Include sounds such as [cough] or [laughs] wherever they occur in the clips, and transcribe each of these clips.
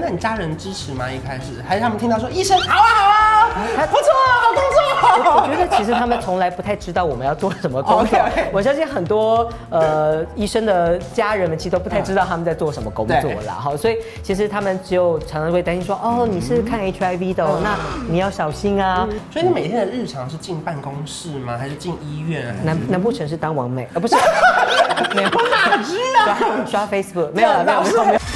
那你家人支持嗎？一開始還是他們聽到說醫生，好啊好啊，還不錯啊，好工作啊。我覺得其實他們從來不太知道我們要做什麼工作。Okay, okay. 我相信很多呃醫生的家人們其實都不太知道他們在做什麼工作啦哈。所以其實他們只有常常會擔心說，哦，你是看 HIV 的，嗯、那你要小心啊。所以你每天的日常是進辦公室嗎？還是進醫院？難難不成是當網美？哦、不是， [laughs] [laughs] 我哪知道？刷 Facebook？沒有了，沒有，沒有。沒有沒有 [laughs]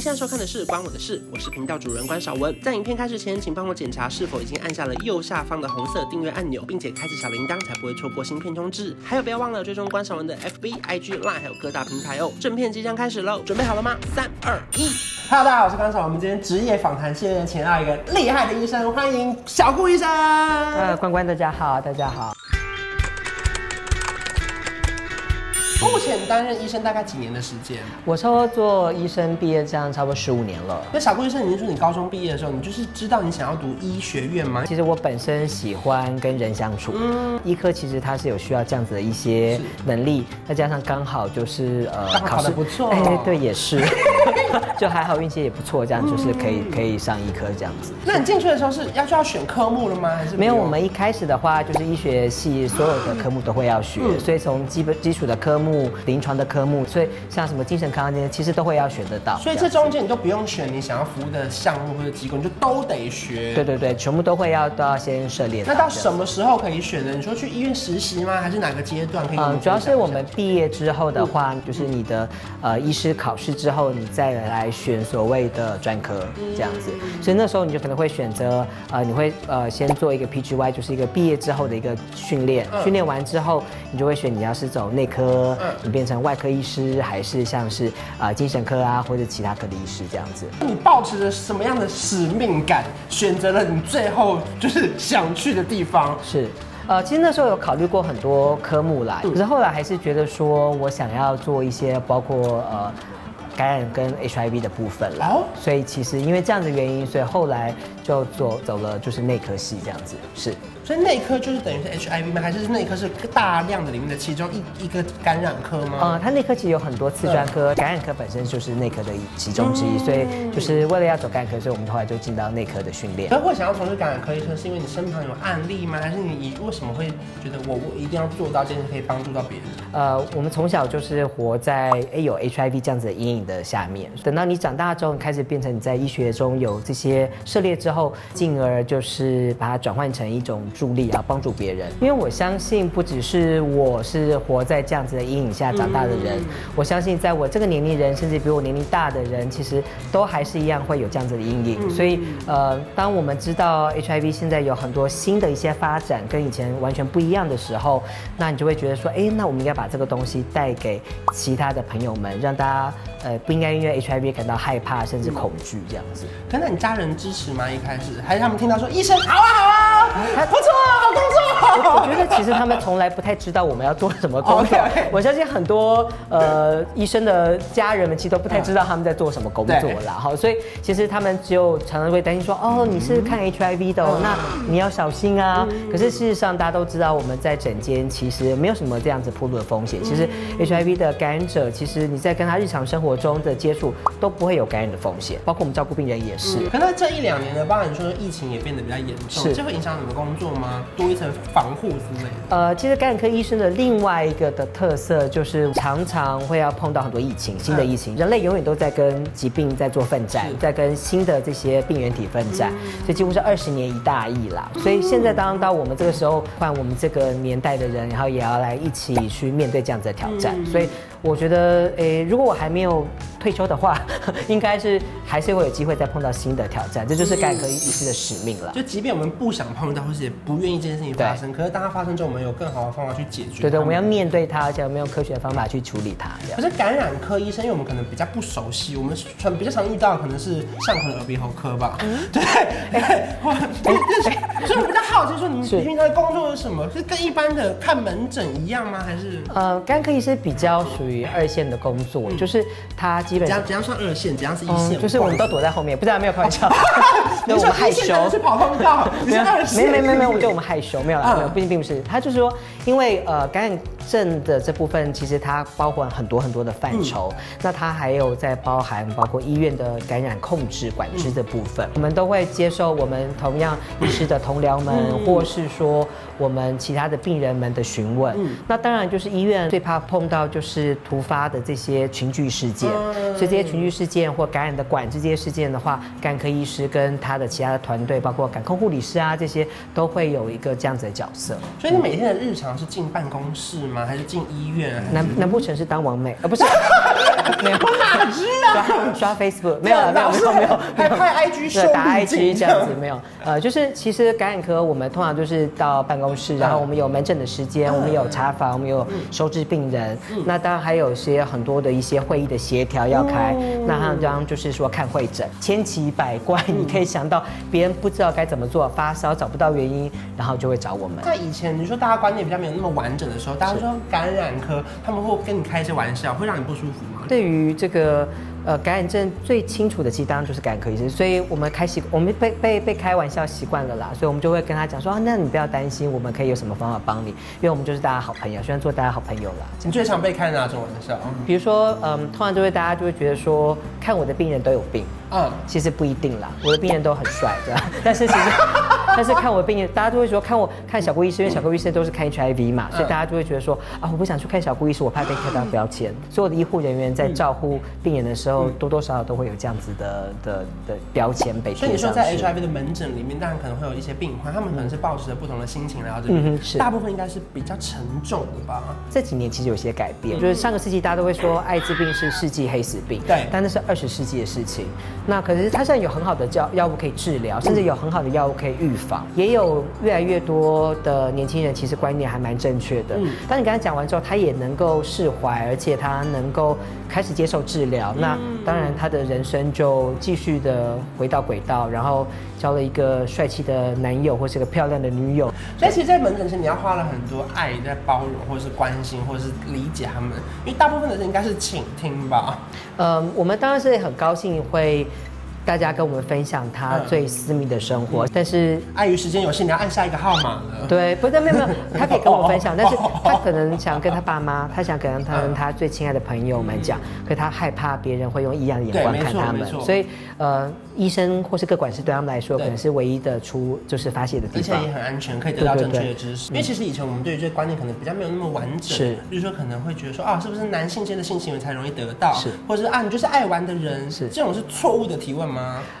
現在收看的是《關我的事》，我是頻道主人關少文。在影片開始前，請幫我檢查是否已經按下了右下方的紅色訂閱按鈕，並且開啟小鈴鐺，才不會錯過新片通知。還有，不要忘了追蹤關少文的 FB、IG、Line，還有各大平台哦。正片即將開始嘍，準備好了嗎？三、二、一，Hello，大家好，我是關少文。我們今天職業訪談系列請到一個厲害的醫生，歡迎小顧醫生。呃，關關，大家好，大家好。目前擔任醫生大概幾年的時間？我差不多做醫生畢業這樣，差不多十五年了。那小顧醫生，你說你高中畢業的時候，你就是知道你想要讀醫學院嗎？其實我本身喜歡跟人相處，嗯，醫科其實它是有需要這樣子的一些能力，再加上剛好就是呃考得不錯，哎，對，也是。 [music] [music] 就還好，運氣也不錯，這樣就是可以，嗯、可以可以上醫科這樣子。那你進去的時候是要就要選科目了嗎？還是沒有？我們一開始的話，就是醫學系所有的科目都會要學，嗯、所以從基本基礎的科目，臨床的科目，所以像什麼精神康健，其實都會要學得到。所以這中間你都不用選你想要服務的項目或者機構，你就都得學。對對對，全部都會要都要先涉獵。那到什麼時候可以選呢？你說去醫院實習嗎？還是哪個階段可以？嗯，主要是我們畢業之後的話，嗯、就是你的呃醫師考試之後，你再來。選所謂的專科這樣子，所以那時候你就可能會選擇呃，你會呃先做一個 PGY，就是一個畢業之後的一個訓練。嗯、訓練完之後，你就會選你要是走內科、嗯，你變成外科醫師，還是像是啊、呃、精神科啊或者其他科的醫師這樣子。你抱持着什麼樣的使命感，選擇了你最後就是想去的地方？是，呃，其實那時候有考慮過很多科目啦、嗯，可是後來還是覺得說我想要做一些包括呃。感染跟 HIV 的部分了，哦、所以其實因為這樣子的原因，所以後來就走走了，就是內科系這樣子，是。所以內科就是等於是 HIV 嗎？還是內科是大量的裡面的其中一一個感染科嗎？啊、嗯，它內科其實有很多次專科、嗯，感染科本身就是內科的其中之一、嗯，所以就是為了要走感染科，所以我們後來就進到內科的訓練。然後想要從事感染科,一科，醫生是因為你身旁有案例嗎？還是你為什麼會覺得我我一定要做到，這件事可以幫助到別人？呃，我們從小就是活在哎有 HIV 這樣子的陰影的下面，等到你長大之後，開始變成你在醫學中有這些涉獵之後，進而就是把它轉換成一種。助力啊，幫助別人，因為我相信不只是我是活在這樣子的陰影下長大的人、嗯，我相信在我這個年齡人，甚至比我年齡大的人，其實都還是一樣會有這樣子的陰影。嗯、所以呃，當我們知道 HIV 現在有很多新的一些發展，跟以前完全不一樣的時候，那你就會覺得說，哎，那我們應該把這個東西帶給其他的朋友們，讓大家呃不應該因為 HIV 感到害怕甚至恐懼、嗯、這樣子。那你家人支持嗎？一開始還是他們聽到說、嗯、醫生好啊好啊。好啊欸做啊，好工作！我覺得其實他們從來不太知道我們要做什麼工作。Okay, okay 我相信很多呃醫生的家人們其實都不太知道他們在做什麼工作啦。哈，所以其實他們就常常會擔心說，哦，你是看 HIV 的哦，哦、嗯，那你要小心啊。嗯、可是事實上，大家都知道我們在診間其實沒有什麼這樣子暴露的風險。其實 HIV 的感染者，其實你在跟他日常生活中的接觸都不會有感染的風險。包括我們照顧病人也是。嗯、可能這一兩年呢，包含說疫情也變得比較嚴重，這會影響你們工作。多一層防護之類的。呃，其實感染科醫生的另外一個的特色，就是常常會要碰到很多疫情，新的疫情，人類永遠都在跟疾病在做奮戰，在跟新的這些病原體奮戰、嗯，所以幾乎是二十年一大疫啦、嗯。所以現在當到我們這個時候，換我們這個年代的人，然後也要來一起去面對這樣子的挑戰。嗯、所以我覺得，誒、欸，如果我還沒有。退休的話，應該是還是會有機會再碰到新的挑戰，這就是感染科醫師的使命了。就即便我們不想碰到，或是也不願意這件事情發生，可是當它發生之後，我們有更好的方法去解決。對對，我們要面對它，而且我們用科學的方法去處理它。不是感染科醫生，因為我們可能比較不熟悉，我們常比較常遇到的可能是上頜耳鼻喉科吧。嗯、對，哇，認識。欸我欸、 [laughs] 所以我比較好奇，說你們平常的工作是什麼？是跟一般的看門診一樣嗎？還是？呃，感染科醫生比較屬於二線的工作，嗯、就是他。怎樣怎樣算二線？怎樣是一線，嗯？就是我們都躲在後面，不知道有沒有開玩笑。啊 [laughs] 那我們害你說害羞，去跑通道，你是哪？沒沒沒沒，我覺得我們害羞 [laughs] 沒。沒有沒有，畢竟並不是。他就是說，因為呃，感染症的這部分其實它包含很多很多的範疇，嗯，那它還有在包含包括醫院的感染控制管制的部分。嗯、我們都會接受我們同樣醫師的同僚們，嗯，或是說我們其他的病人們的詢問，嗯。那當然就是醫院最怕碰到就是突發的這些群聚事件，嗯，所以這些群聚事件或感染的管制這些事件的話，感科醫師跟他的其他的團隊，包括感控護理師啊，這些都會有一個這樣子的角色。所以你每天的日常是進辦公室嗎？還是進醫院？難難不成是當網美？呃、哦，不是。 [laughs] [laughs] [laughs] 我哪知道？刷 Facebook 沒有了，沒有，沒有，沒有，還拍 IG，對，打 IG 這樣子沒有。呃，就是其實感染科我們通常就是到辦公室，嗯、然後我們有門診的時間、嗯，我們有查房，我們有收治病人。嗯、那當然還有一些很多的一些會議的協調要開。嗯、那這樣就是說看會診，千奇百怪，嗯、你可以想到別人不知道該怎麼做，發燒找不到原因，然後就會找我們。在以前你說大家觀念比較沒有那麼完整的時候，大家說感染科他們會跟你開一些玩笑，會讓你不舒服嗎？對於這個呃感染症最清楚的，其實當然就是感染科醫生，所以我們開習，我們被被被開玩笑習慣了啦，所以我們就會跟他講說啊，那你不要擔心，我們可以有什麼方法幫你，因為我們就是大家好朋友，雖然做大家好朋友啦。你最常被開哪種玩笑？比如說，嗯，通常就會大家就會覺得說，看我的病人都有病，嗯、uh.，其實不一定啦，我的病人都很帥，這樣，但是其實。 [laughs] 但是看我的病人，大家都會說看我看小顧醫生，因為小顧醫生都是看 HIV 嘛，嗯、所以大家就會覺得說啊，我不想去看小顧醫生，我怕被貼到標籤，嗯。所以我的醫護人員在照顧病人的時候，嗯、多多少少都會有這樣子的的的標籤被貼上。所以你說在 HIV 的門診裡面，當然可能會有一些病患，他們可能是抱持着不同的心情然後這、嗯、是。大部分應該是比較沉重的吧？這幾年其實有些改變，就是上個世紀大家都會說艾滋病是世紀黑死病，對，但那是二十世紀的事情。那可是它現在有很好的藥藥物可以治療，甚至有很好的藥物可以預防。也有越來越多的年輕人，其實觀念還蠻正確的。嗯，當你跟他講完之後，他也能夠釋懷，而且他能夠開始接受治療。嗯。那當然，他的人生就繼續的回到軌道，然後交了一個帥氣的男友或是個漂亮的女友。嗯，所以，其實，在門診時，你要花了很多愛在包容，或是關心，或是理解他們。因為大部分的人應該是傾聽吧。嗯，我們當然是很高興會。大家跟我們分享，他最私密的生活，嗯、但是礙於時間有限，你要按下一個號碼，對，不，沒有沒有，他可以跟我分享， [laughs] 哦、但是他可能想跟他爸媽、哦，他想跟他跟他最親愛的朋友們講、嗯，可他害怕別人會用異樣的眼光看他們，所以呃，醫生或是個管師對他們來說，可能是唯一的出就是發洩的地方，而且也很安全，可以得到正確的知識對對對、嗯。因為其實以前我們對於這個觀念可能比較沒有那麼完整，是，是就是說可能會覺得說啊，是不是男性間的性行為才容易得到，是，或者是啊，你就是愛玩的人，是，這種是錯誤的提問。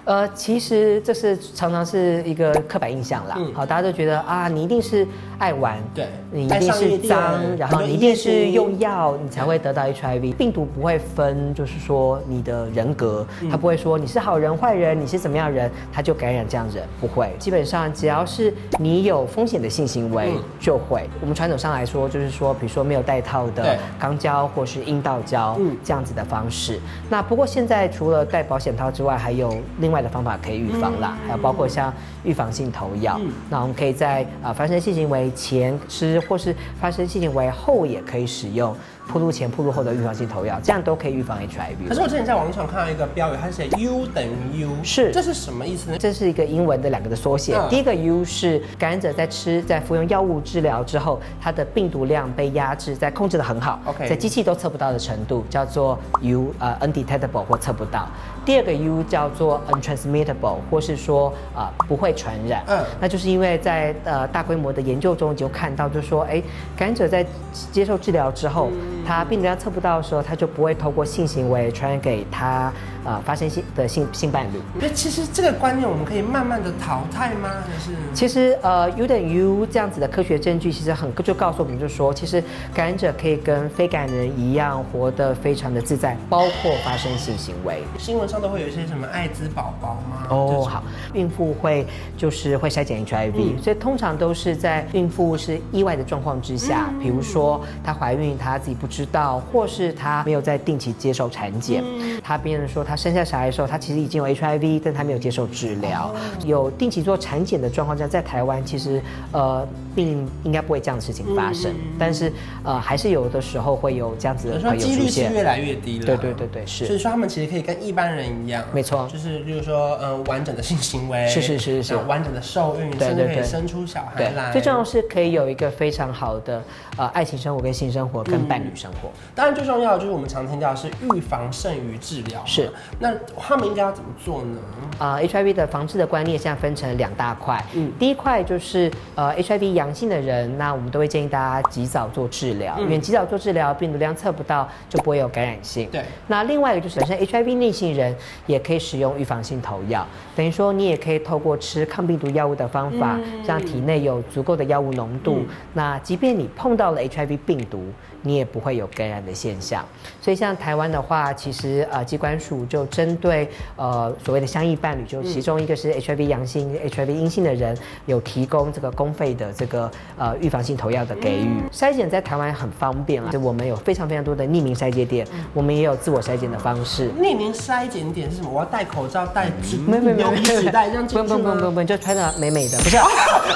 呃，其實這是常常是一個刻板印象啦。嗯、好，大家都覺得啊，你一定是愛玩，對，你一定是髒，然後你一定是用藥，你才會得到 HIV。病毒不會分，就是說你的人格，他、嗯、不會說你是好人壞人，你是怎麼樣人，他就感染這樣子，不會。基本上只要是你有風險的性行為、嗯、就會。我們傳統上來說就是說，比如說沒有戴套的對，肛交或是陰道交這樣子的方式。那不過現在除了戴保險套之外，還有有另外的方法可以預防啦，嗯，還有包括像。預防性投藥，那、嗯、我們可以在啊、呃、發生性行為前吃，或是發生性行為後也可以使用暴露前、暴露後的預防性投藥，這樣都可以預防 HIV。可是我之前在網上看到一個標語，它寫 U 等於 U，是，這是什麼意思呢？這是一個英文的兩個的縮寫，嗯、第一個 U 是感染者在吃在服用藥物治療之後，他的病毒量被壓制，在控制得很好，OK，在機器都測不到的程度，叫做 U，呃、uh,，undetectable 或測不到。第二個 U 叫做 untransmittable，或是說啊、uh, 不會。傳染，嗯，那就是因為在呃大規模的研究中，就看到，就說，哎、欸，感染者在接受治療之後，嗯他病毒量測不到的時候，他就不會透過性行為傳染給他，呃，發生性的性性伴侶。那其實這個觀念我們可以慢慢的淘汰嗎？還是？其實呃，有點 u 這樣子的科學證據，其實很就告訴我們就，就說其實感染者可以跟非感染人一樣，活得非常的自在，包括發生性行為。新聞上都會有一些什麼艾滋寶寶嗎？哦，oh，好，孕婦會就是會篩檢 HIV，嗯，所以通常都是在孕婦是意外的狀況之下，嗯，比如說她懷孕，她自己不知知道，或是他沒有在定期接受產檢、嗯。他病人說他生下小孩的時候，他其實已經有 HIV，但他沒有接受治療、哦。有定期做產檢的狀況下，在台灣其實呃並應該不會這樣的事情發生。嗯、但是呃還是有的時候會有這樣子，的說幾率是越來越低了。對對對對是。所以說他們其實可以跟一般人一樣，沒錯，就是例如說呃完整的性行為，是是是是，完整的受孕對對對對，甚至可以生出小孩來。最重要是可以有一個非常好的呃愛情生活跟性生活跟伴侶生。嗯當然，最重要的就是我們常聽到的是預防勝於治療。是，那他們應該要怎麼做呢？啊、呃、，HIV 的防治的觀念現在分成兩大塊。嗯，第一塊就是呃 HIV 陽性的人，那我們都會建議大家及早做治療，因、嗯、為及早做治療，病毒量測不到就不會有感染性。對。那另外一個就是本身 HIV 陰性人也可以使用預防性投藥，等於說你也可以透過吃抗病毒藥物的方法，嗯、讓體內有足夠的藥物濃度，嗯、那即便你碰到了 HIV 病毒。你也不會有感染的現象，所以像台灣的話，其實呃，疾管署就針對呃所謂的相異伴侶，就其中一個是 HIV 陽性、HIV、嗯、陰性的人，有提供這個公費的這個呃預防性投藥的給予。篩、嗯、檢在台灣很方便啊，就我們有非常非常多的匿名篩檢點，我們也有自我篩檢的方式。匿名篩檢點是什麼？我要戴口罩、戴紙、嗯、沒有紙袋，讓記者不用不用不用不用，就穿的美美的。不是、啊，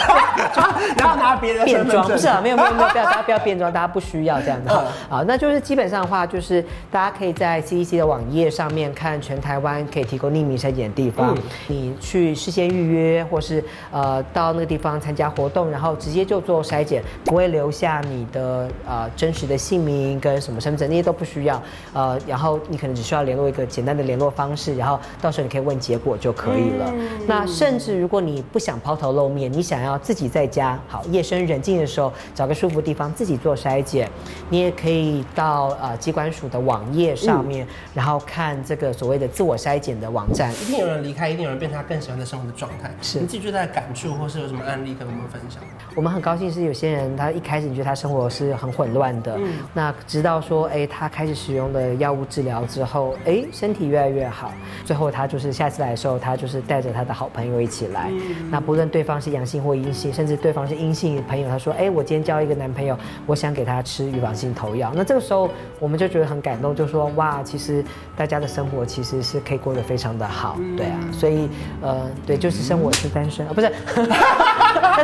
[laughs] 就 [laughs] 然後拿別人變裝，不是、啊，沒有沒有沒有，沒有，不要大家不要變裝，大家不需要這樣。好，好，好，那就是基本上的話，就是大家可以在 C C C 的網頁上面看全台灣可以提供匿名篩檢的地方，嗯，你去事先預約，或是呃到那個地方參加活動，然後直接就做篩檢，不會留下你的，呃、真實的姓名跟什麼身份證那些都不需要，呃，然後你可能只需要聯絡一個簡單的聯絡方式，然後到時候你可以問結果就可以了。嗯，那甚至如果你不想拋頭露面，你想要自己在家，好，夜深人靜的時候找個舒服的地方自己做篩檢。你也可以到呃疾管署的網頁上面、嗯，然後看這個所謂的自我篩檢的網站。一定有人離開，一定有人變成他更喜歡的生活的狀態。是你記住他的感觸，或是有什麼案例跟我們分享？我們很高興是有些人，他一開始你覺得他生活是很混亂的，嗯、那直到說，哎，他開始使用的藥物治療之後，哎，身體越來越好。最後他就是下次來的時候，他就是帶着他的好朋友一起來。嗯、那不論對方是陽性或陰性，甚至對方是陰性的朋友，他說，哎，我今天交一個男朋友，我想給他吃預防性。嗯頭要，那這個時候我們就覺得很感動，就說哇，其實大家的生活其實是可以過得非常的好，對啊，所以呃，對，就是生活是單身，嗯哦、不是。 [laughs]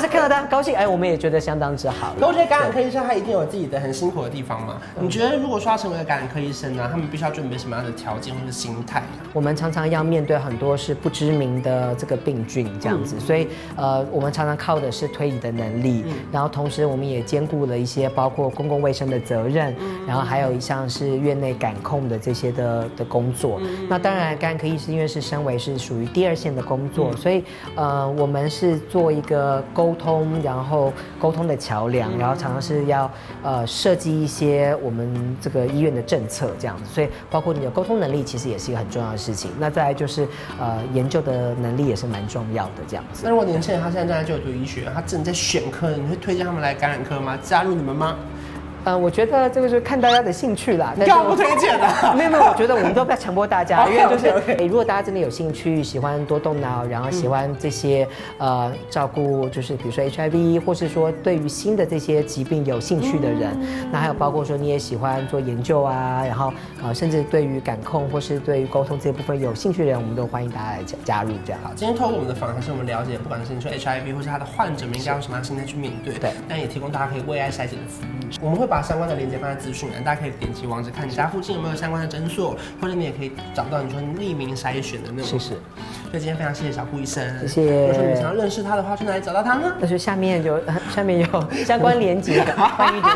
是看到他高興哎，我們也覺得相當之好了。那我覺得感染科醫生他一定有自己的很辛苦的地方嘛？你覺得如果說，他成為感染科醫生呢，他們必須要準備什麼樣的條件或者心態、啊？我們常常要面對很多是不知名的這個病菌這樣子，嗯、所以呃，我們常常靠的是推理的能力、嗯，然後同時我們也兼顧了一些包括公共衛生的責任，嗯、然後還有一項是院內感控的這些的的工作、嗯。那當然，感染科醫生因為是身為是屬於第二線的工作，嗯、所以呃，我們是做一個溝。溝通，然後溝通的橋樑，然後常常是要呃設計一些我們這個醫院的政策這樣子，所以包括你的溝通能力其實也是一個很重要的事情。那再來就是呃研究的能力也是蠻重要的這樣子。那如果年輕人他現在正在就讀醫學，他正在選科，你會推薦他們來感染科嗎？加入你們嗎？呃、嗯，我覺得這個就是看大家的興趣啦。那不推薦的、啊，沒有沒有，我覺得我們都不要強迫大家，因為就是，哎，如果大家真的有興趣，喜歡多動腦，然後喜歡這些、嗯、呃照顧，就是比如說 HIV 或是說對於新的這些疾病有興趣的人，嗯、那還有包括說你也喜歡做研究啊，然後呃甚至對於感控或是對於溝通這些部分有興趣的人，我們都歡迎大家來加加入這樣。好，今天透過我們的訪談，是我們了解，不管是你說 HIV 或是他的患者們應該用什麼樣心態去面對，對，但也提供大家可以為愛篩檢的服務、嗯，我們會。把相關的連接放在資訊欄，大家可以點擊網址，看你家附近有沒有相關的診所，或者你也可以找到你說匿名篩選的那種。謝謝。所以今天非常謝謝小顧醫生，謝謝。如果說你們想要認識他的話，去哪裡找到他呢？那就下面，就下面有相關連接，歡迎點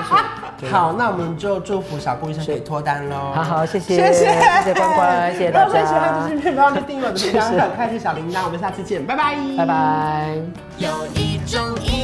選。好，那我們就祝福小顧醫生可以脫單嘍。好好，謝謝。謝謝，謝謝乖乖。如果喜歡這期節目，別忘記訂閱我的頻道，開啟小鈴鐺。我們下次見，拜拜。拜拜。有一種。